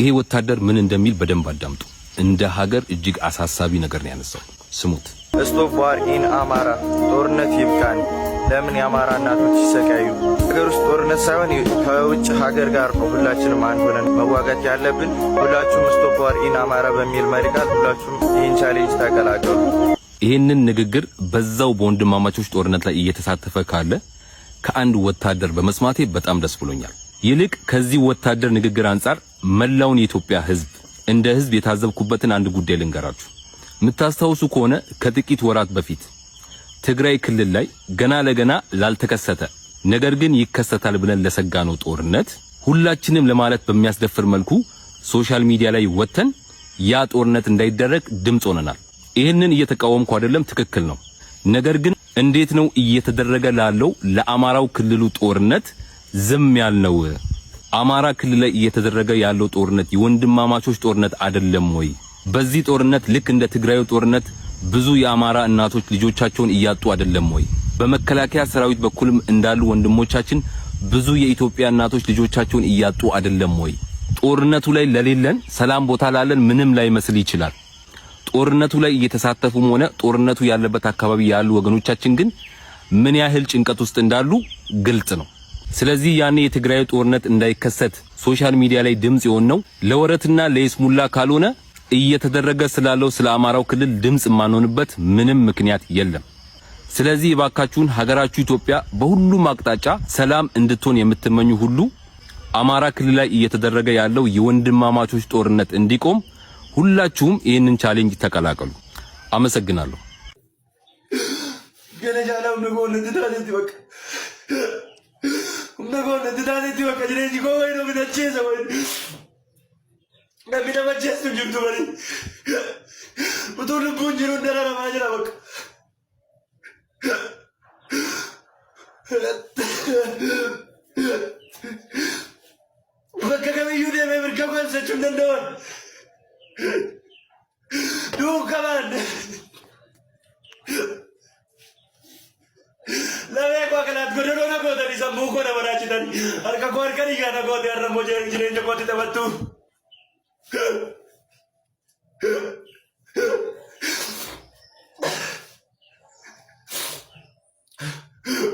ይሄ ወታደር ምን እንደሚል በደንብ አዳምጡ። እንደ ሀገር እጅግ አሳሳቢ ነገር ነው ያነሳው። ስሙት። ስቶፕ ዋር ኢን አማራ፣ ጦርነት ይብቃን። ለምን የአማራ እናቶች ይሰቃዩ? ሀገር ውስጥ ጦርነት ሳይሆን ከውጭ ሀገር ጋር ነው ሁላችንም አንድ ሆነን መዋጋት ያለብን። ሁላችሁም ስቶፕ ዋር ኢን አማራ በሚል መሪ ቃል ሁላችሁም ይህን ቻሌንጅ ተቀላቀሉ። ይህንን ንግግር በዛው በወንድማማቾች ጦርነት ላይ እየተሳተፈ ካለ ከአንድ ወታደር በመስማቴ በጣም ደስ ብሎኛል። ይልቅ ከዚህ ወታደር ንግግር አንጻር መላውን የኢትዮጵያ ህዝብ እንደ ህዝብ የታዘብኩበትን አንድ ጉዳይ ልንገራችሁ። የምታስታውሱ ከሆነ ከጥቂት ወራት በፊት ትግራይ ክልል ላይ ገና ለገና ላልተከሰተ ነገር ግን ይከሰታል ብለን ለሰጋ ነው ጦርነት ሁላችንም ለማለት በሚያስደፍር መልኩ ሶሻል ሚዲያ ላይ ወጥተን ያ ጦርነት እንዳይደረግ ድምፅ ሆነናል። ይህንን እየተቃወምኩ አይደለም፣ ትክክል ነው። ነገር ግን እንዴት ነው እየተደረገ ላለው ለአማራው ክልሉ ጦርነት ዝም ያልነው? አማራ ክልል ላይ እየተደረገ ያለው ጦርነት የወንድማማቾች ጦርነት አይደለም ወይ? በዚህ ጦርነት ልክ እንደ ትግራዩ ጦርነት ብዙ የአማራ እናቶች ልጆቻቸውን እያጡ አይደለም ወይ? በመከላከያ ሰራዊት በኩልም እንዳሉ ወንድሞቻችን ብዙ የኢትዮጵያ እናቶች ልጆቻቸውን እያጡ አይደለም ወይ? ጦርነቱ ላይ ለሌለን ሰላም ቦታ ላለን ምንም ላይ መስል ይችላል። ጦርነቱ ላይ እየተሳተፉም ሆነ ጦርነቱ ያለበት አካባቢ ያሉ ወገኖቻችን ግን ምን ያህል ጭንቀት ውስጥ እንዳሉ ግልጽ ነው። ስለዚህ ያኔ የትግራይ ጦርነት እንዳይከሰት ሶሻል ሚዲያ ላይ ድምጽ የሆን ነው ለወረትና ለይስሙላ ካልሆነ እየተደረገ ስላለው ስለ አማራው ክልል ድምጽ የማንሆንበት ምንም ምክንያት የለም። ስለዚህ እባካችሁን ሀገራችሁ ኢትዮጵያ በሁሉም አቅጣጫ ሰላም እንድትሆን የምትመኙ ሁሉ አማራ ክልል ላይ እየተደረገ ያለው የወንድማማቾች ጦርነት እንዲቆም ሁላችሁም ይህንን ቻሌንጅ ተቀላቀሉ። አመሰግናለሁ። nagoon didaan itti bakka jireenyi koo wayii na midhachiisa wayii. Namni nama jeestu hin jirtu malee. Utuu lubbuun jiru dhala namaa jira bakka. Bakka kamiyyuu deemee mirga goonsachuun danda'uun. Duukaa baadhe. Dawee koo kanaat godoona gootanii sammuu koo nama raajitan harka koo harka dhiigaana goote har'a immoo jireenya kootti taphattu.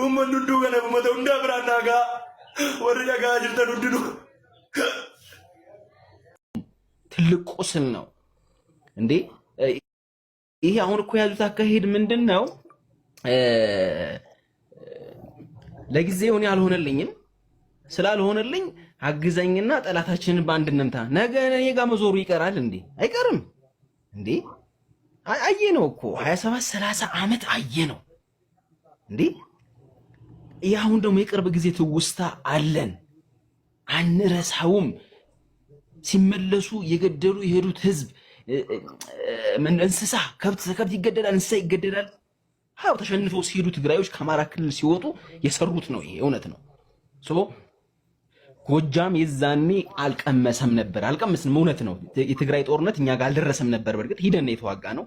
Uummanni hunduu kana uummata hundaa biraan naagaa warri dhagaa jirtan hundinuu ትልቅ ቁስል ነው እንዴ! ይሄ አሁን እኮ ያሉት አካሄድ ምንድን ነው? ለጊዜው እኔ አልሆነልኝም። ስላልሆነልኝ አግዘኝና ጠላታችንን በአንድ እንምታ። ነገ እኔ ጋር መዞሩ ይቀራል እንዴ? አይቀርም እንዴ? አየ ነው እኮ 27 30 ዓመት አየ ነው እንዴ? ያሁን ደግሞ የቅርብ ጊዜ ትውስታ አለን፣ አንረሳውም። ሲመለሱ የገደሉ የሄዱት ህዝብ እንስሳ ከብት ከብት ይገደላል፣ እንስሳ ይገደላል። ሀው ተሸንፈው ሲሄዱ ትግራዮች ከአማራ ክልል ሲወጡ የሰሩት ነው። ይሄ እውነት ነው። ጎጃም የዛኔ አልቀመሰም ነበር፣ አልቀመስንም። እውነት ነው። የትግራይ ጦርነት እኛ ጋር አልደረሰም ነበር። በእርግጥ ሂደን የተዋጋ ነው።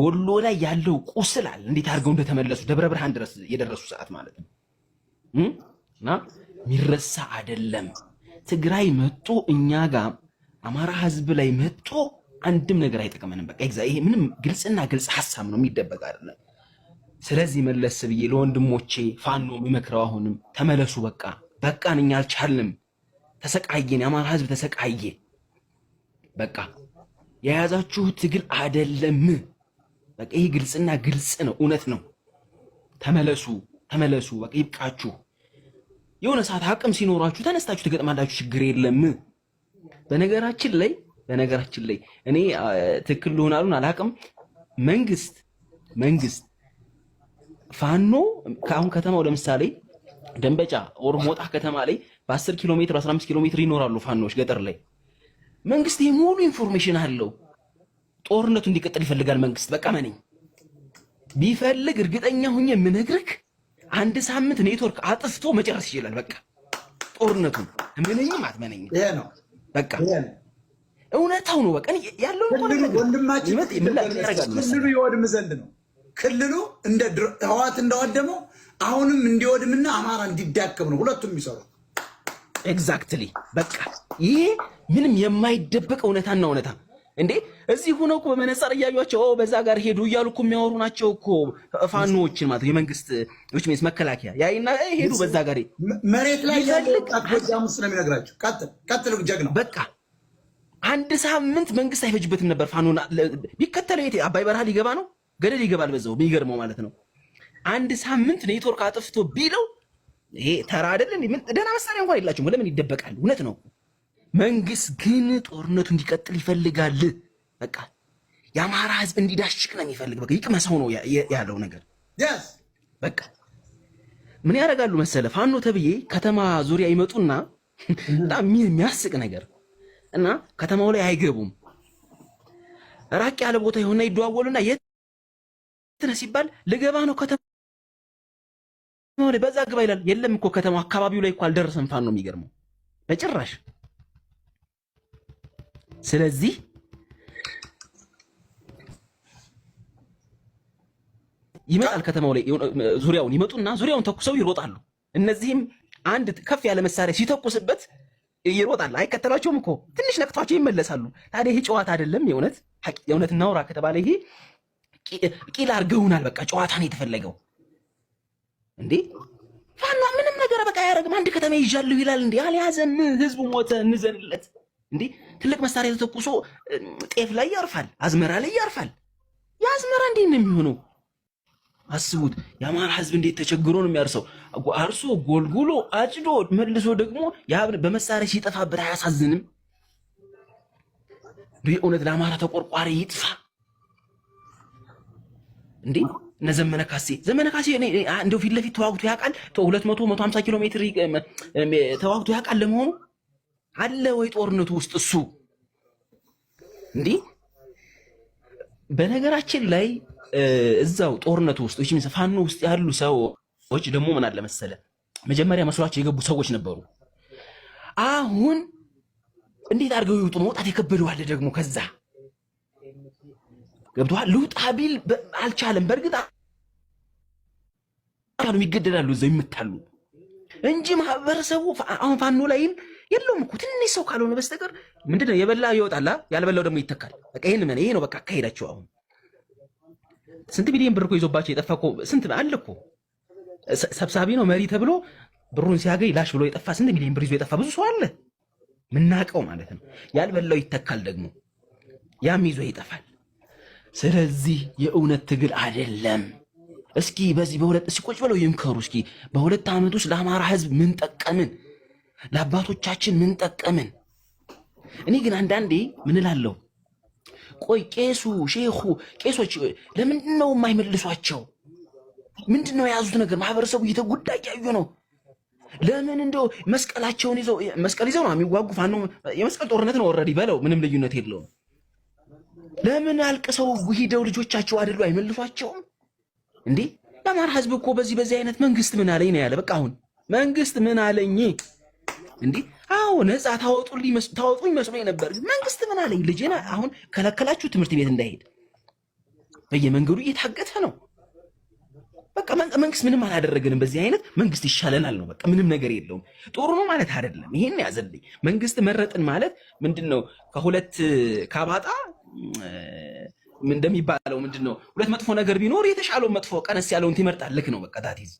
ወሎ ላይ ያለው ቁስላል እንዴት አድርገው እንደተመለሱ ደብረ ብርሃን ድረስ የደረሱ ሰዓት ማለት ነው እና የሚረሳ አይደለም። ትግራይ መጦ እኛ ጋር አማራ ህዝብ ላይ መጦ አንድም ነገር አይጠቅመንም። በቃ ይሄ ምንም ግልጽና ግልጽ ሀሳብ ነው፣ የሚደበቅ አይደለም። ስለዚህ መለስ ብዬ ለወንድሞቼ ፋኖ የምመክረው አሁንም ተመለሱ፣ በቃ በቃን፣ እኛ አልቻልንም፣ ተሰቃየን፣ የአማራ ህዝብ ተሰቃየ። በቃ የያዛችሁ ትግል አደለም። በቃ ይህ ግልጽና ግልጽ ነው፣ እውነት ነው። ተመለሱ፣ ተመለሱ፣ በቃ ይብቃችሁ። የሆነ ሰዓት አቅም ሲኖራችሁ ተነስታችሁ ትገጥማላችሁ፣ ችግር የለም። በነገራችን ላይ በነገራችን ላይ እኔ ትክክል ልሆን አላቅም መንግስት መንግስት ፋኖ ከአሁን ከተማው ለምሳሌ ደንበጫ ኦር ሞጣ ከተማ ላይ በ10 ኪሎ ሜትር 15 ኪሎ ሜትር ይኖራሉ ፋኖዎች ገጠር ላይ። መንግስት ይሄ ሙሉ ኢንፎርሜሽን አለው። ጦርነቱ እንዲቀጥል ይፈልጋል መንግስት። በቃ መነኝ ቢፈልግ እርግጠኛ ሁኜ የምነግርህ አንድ ሳምንት ኔትወርክ አጥፍቶ መጨረስ ይችላል። በቃ ጦርነቱን ምንኝም አትመነኝም። በቃ እውነታው ነው። በቃ ያለው ወንድማችን ይወድም ዘንድ ነው ክልሉ እንደ ህዋት እንዳወደመው አሁንም እንዲወድምና አማራ እንዲዳከም ነው ሁለቱም የሚሰሩት። ኤግዛክትሊ በቃ ይሄ ምንም የማይደበቅ እውነታና እውነታ እንዴ እዚህ ሆነው እኮ በመነጽር እያዩቸው በዛ ጋር ሄዱ እያሉ እኮ የሚያወሩ ናቸው እኮ ፋኖዎችን ማለት የመንግስት ዊች ሚንስ መከላከያ ያይና ሄዱ በዛ ጋር መሬት ላይ ያለው ቃጥቆጃሙስ ነው ቀጥል ቀጥል ጀግና በቃ አንድ ሳምንት መንግስት አይፈጅበትም ነበር ፋኖ ቢከተለው የት አባይ በረሃ ሊገባ ነው ገደል ይገባል። በዛው የሚገርመው ማለት ነው አንድ ሳምንት ኔትወርክ አጥፍቶ ቢለው ይሄ ተራ አይደል? ደህና መሳሪያ እንኳን የላቸውም። ለምን ይደበቃል? እውነት ነው። መንግስት ግን ጦርነቱ እንዲቀጥል ይፈልጋል። በቃ የአማራ ህዝብ እንዲዳሽቅ ነው የሚፈልግ። በቃ ይቅመሰው ነው ያለው ነገር። በቃ ምን ያደርጋሉ መሰለ ፋኖ ተብዬ ከተማ ዙሪያ ይመጡና በጣም የሚያስቅ ነገር እና ከተማው ላይ አይገቡም። ራቅ ያለ ቦታ የሆነ ይደዋወሉና ነህ ሲባል ልገባ ነው ከተማ በዛ ግባ ይላል። የለም እኮ ከተማ አካባቢው ላይ እኮ አልደረሰም። ፋን ነው የሚገርመው በጭራሽ። ስለዚህ ይመጣል ከተማው ላይ ዙሪያውን ይመጡና ዙሪያውን ተኩሰው ይሮጣሉ። እነዚህም አንድ ከፍ ያለ መሳሪያ ሲተኩስበት ይሮጣል። አይከተሏቸውም እኮ ትንሽ ነቅቷቸው ይመለሳሉ። ታዲያ ይሄ ጨዋታ አይደለም። የእውነት የእውነት እናውራ ከተባለ ይሄ ቂል አርገውናል። በቃ ጨዋታ ነው የተፈለገው እንዴ? ፋኖ ምንም ነገር በቃ አያደርግም። አንድ ከተማ ይዣለሁ ይላል እንዴ? አልያዘን፣ ህዝቡ ሞተ፣ እንዘንለት እንዴ? ትልቅ መሳሪያ ተተኩሶ ጤፍ ላይ ያርፋል፣ አዝመራ ላይ ያርፋል። የአዝመራ እንዴት ነው የሚሆነው? አስቡት። የአማራ ህዝብ እንዴት ተቸግሮ ነው የሚያርሰው? አርሶ ጎልጉሎ አጭዶ መልሶ ደግሞ በመሳሪያ ሲጠፋበት አያሳዝንም? እውነት ለአማራ ተቆርቋሪ ይጥፋ። እንዴ እነ ዘመነ ካሴ ዘመነ ካሴ እንደ ፊት ለፊት ተዋግቶ ያውቃል? ሁለት መቶ መቶ ሀምሳ ኪሎ ሜትር ተዋግቶ ያውቃል? ለመሆኑ አለ ወይ ጦርነቱ ውስጥ እሱ? እንዲህ? በነገራችን ላይ እዛው ጦርነቱ ውስጥ ዊች ፋኖ ውስጥ ያሉ ሰዎች ደግሞ ምን አለ መሰለ መጀመሪያ መስሏቸው የገቡ ሰዎች ነበሩ። አሁን እንዴት አድርገው ይውጡ? መውጣት የከበደዋለ ደግሞ ከዛ ገብተዋል። ልውጣ ቢል አልቻለም። በእርግጥ ይገደላሉ፣ እዛ ይመታሉ እንጂ ማህበረሰቡ አሁን ፋኖ ላይም የለውም እኮ ትንሽ ሰው ካልሆነ በስተቀር ምንድነው የበላ ይወጣላ፣ ያልበላው ደግሞ ይተካል። በቃ ይሄን ምን ይሄ ነው በቃ አካሄዳቸው። አሁን ስንት ቢሊዮን ብር እኮ ይዞባቸው የጠፋ እኮ ስንት አለ እኮ ሰብሳቢ ነው መሪ ተብሎ ብሩን ሲያገኝ ላሽ ብሎ የጠፋ ስንት ሚሊዮን ብር ይዞ የጠፋ ብዙ ሰው አለ፣ ምናቀው ማለት ነው። ያልበላው ይተካል ደግሞ ያም ይዞ ይጠፋል። ስለዚህ የእውነት ትግል አይደለም። እስኪ በዚህ በሁለት እስኪ ቁጭ ብለው ይምከሩ። እስኪ በሁለት ዓመት ውስጥ ለአማራ ህዝብ ምን ጠቀምን? ለአባቶቻችን ምን ጠቀምን? እኔ ግን አንዳንዴ ምን እላለሁ፣ ቆይ ቄሱ ሼኹ ቄሶች ለምንድን ነው የማይመልሷቸው? ምንድን ነው የያዙት ነገር? ማህበረሰቡ እየተጎዳ እያዩ ነው። ለምን እንደው መስቀላቸውን ይዘው መስቀል ይዘው ነው የሚዋጉ ፋኖ የመስቀል ጦርነት ነው። ወረድ በለው ምንም ልዩነት የለውም። ለምን አልቅሰው ሂደው ልጆቻቸው አይደሉ አይመልሷቸውም እንዴ? የአማራ ህዝብ እኮ በዚህ በዚህ አይነት መንግስት ምን አለኝ ነው ያለ። በቃ አሁን መንግስት ምን አለኝ እንዴ? አዎ ነፃ ታወጡልኝ ታወጡኝ መስሎኝ ነበር። መንግስት ምን አለኝ? ልጄን አሁን ከለከላችሁ ትምህርት ቤት እንዳይሄድ በየመንገዱ እየታገተ ነው። በቃ መንግስት ምንም አላደረገንም። በዚህ አይነት መንግስት ይሻለናል ነው በቃ ምንም ነገር የለውም። ጥሩ ነው ማለት አይደለም። ይሄን ያዘልኝ። መንግስት መረጥን ማለት ምንድን ነው? ከሁለት ካባጣ እንደሚባለው ምንድን ነው ሁለት መጥፎ ነገር ቢኖር የተሻለውን መጥፎ ቀነስ ያለውን ትመርጣለህ። ልክ ነው። በቃ ታቲዝ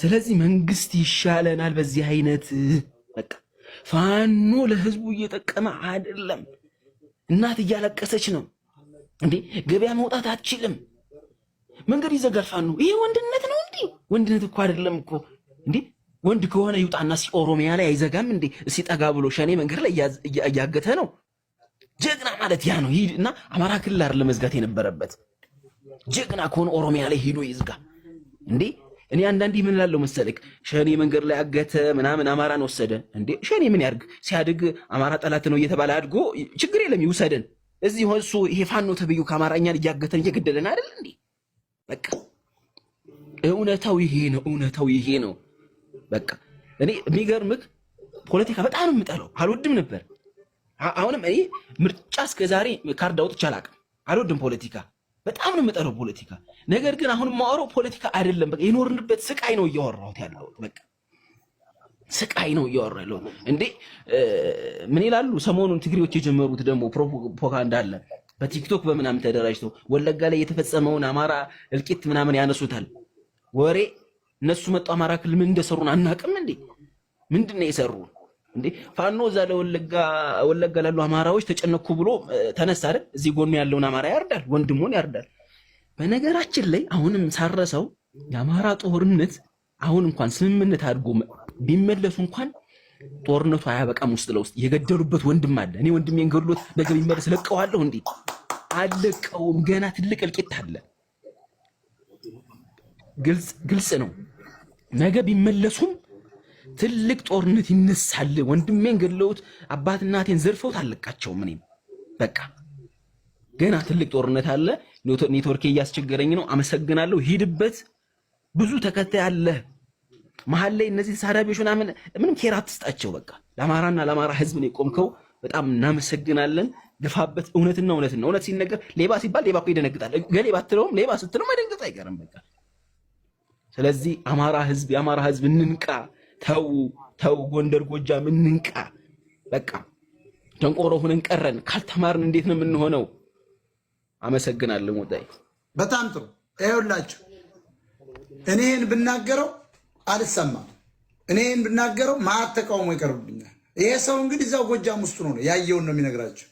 ስለዚህ መንግስት ይሻለናል በዚህ አይነት በቃ ፋኖ ለህዝቡ እየጠቀመ አይደለም። እናት እያለቀሰች ነው እንዴ! ገበያ መውጣት አትችልም። መንገድ ይዘጋል ፋኖ። ይሄ ወንድነት ነው እንዴ? ወንድነት እኮ አይደለም እኮ እንዴ! ወንድ ከሆነ ይውጣና ሲ ኦሮሚያ ላይ አይዘጋም እንዴ? እስኪ ጠጋ ብሎ ሸኔ መንገድ ላይ እያገተ ነው ጀግና ማለት ያ ነው። ሂድ እና አማራ ክልል አይደለም መዝጋት የነበረበት ጀግና ከሆነ ኦሮሚያ ላይ ሄዶ ይዝጋ እንዴ። እኔ አንዳንዴ ምን እላለሁ መሰለክ፣ ሸኔ መንገድ ላይ አገተ ምናምን አማራን ወሰደ እንዴ። ሸኔ ምን ያርግ? ሲያድግ አማራ ጠላት ነው እየተባለ አድጎ ችግር የለም ይውሰደን። እዚህ እሱ ይሄ ፋኖ ተብዩ ከአማራኛን እያገተን እየገደለን አይደል እንዴ? በቃ እውነታው ይሄ ነው። እውነታው ይሄ ነው። በቃ እኔ የሚገርምህ ፖለቲካ በጣም የምጠላው አልወድም ነበር አሁንም እኔ ምርጫ እስከ ዛሬ ካርድ አውጥቼ አላውቅም። አልወድም ፖለቲካ፣ በጣም ነው የምጠለው ፖለቲካ። ነገር ግን አሁን የማወራው ፖለቲካ አይደለም። በቃ የኖርንበት ስቃይ ነው እያወራሁት ያለሁት። በቃ ስቃይ ነው እያወራሁ ያለሁት። እንዴ ምን ይላሉ ሰሞኑን ትግሬዎች የጀመሩት ደግሞ ፕሮፓጋንዳ አለ በቲክቶክ በምናምን ተደራጅተው ወለጋ ላይ የተፈጸመውን አማራ እልቂት ምናምን ያነሱታል። ወሬ እነሱ መጡ አማራ ክልል ምን እንደሰሩን አናውቅም እንዴ ምንድን ነው የሰሩን? እንዴ ፋኖ እዛ ለወለጋ ወለጋ ላሉ አማራዎች ተጨነኩ ብሎ ተነሳ አይደል? እዚህ ጎኑ ያለውን አማራ ያርዳል፣ ወንድሙን ያርዳል። በነገራችን ላይ አሁንም ሳረሰው የአማራ ጦርነት አሁን እንኳን ስምምነት አድርጎ ቢመለሱ እንኳን ጦርነቱ አያበቃም። ውስጥ ለውስጥ የገደሉበት ወንድም አለ። እኔ ወንድሜን ገድሎት ነገ ቢመለስ ለቀዋለሁ እንዴ? አለቀውም። ገና ትልቅ እልቂት አለ። ግልጽ ነው። ነገ ቢመለሱም ትልቅ ጦርነት ይነሳል። ወንድሜን ገለውት አባት እናቴን ዘርፈውት አለቃቸውም። ምን በቃ ገና ትልቅ ጦርነት አለ። ኔትወርኬ እያስቸገረኝ ነው። አመሰግናለሁ። ሂድበት። ብዙ ተከታይ አለ። መሀል ላይ እነዚህ ተሳዳቢዎች ምናምን ምንም ኬራ አትስጣቸው። በቃ ለአማራና ለአማራ ህዝብ ነው የቆምከው። በጣም እናመሰግናለን። ግፋበት። እውነትና ነው። እውነት ሲነገር ሌባ ሲባል ሌባ እኮ ይደነግጣል። ገሌ ባትለውም ሌባ ስትለው መደንገጥ አይቀርም። በቃ ስለዚህ አማራ ህዝብ የአማራ ህዝብ እንንቃ። ተው ተው፣ ጎንደር ጎጃም እንንቃ። በቃ ደንቆሮ ሁነን ቀረን። ካልተማርን እንዴት ነው የምንሆነው? አመሰግናለሁ። ሞጣይ በጣም ጥሩ። ይኸውላችሁ እኔን ብናገረው አልሰማም። እኔን ብናገረው ማአት ተቃውሞ ይቀርብብኛል። ይሄ ሰው እንግዲህ እዛው ጎጃም ውስጥ ነው ያየውን ነው የሚነግራችሁ።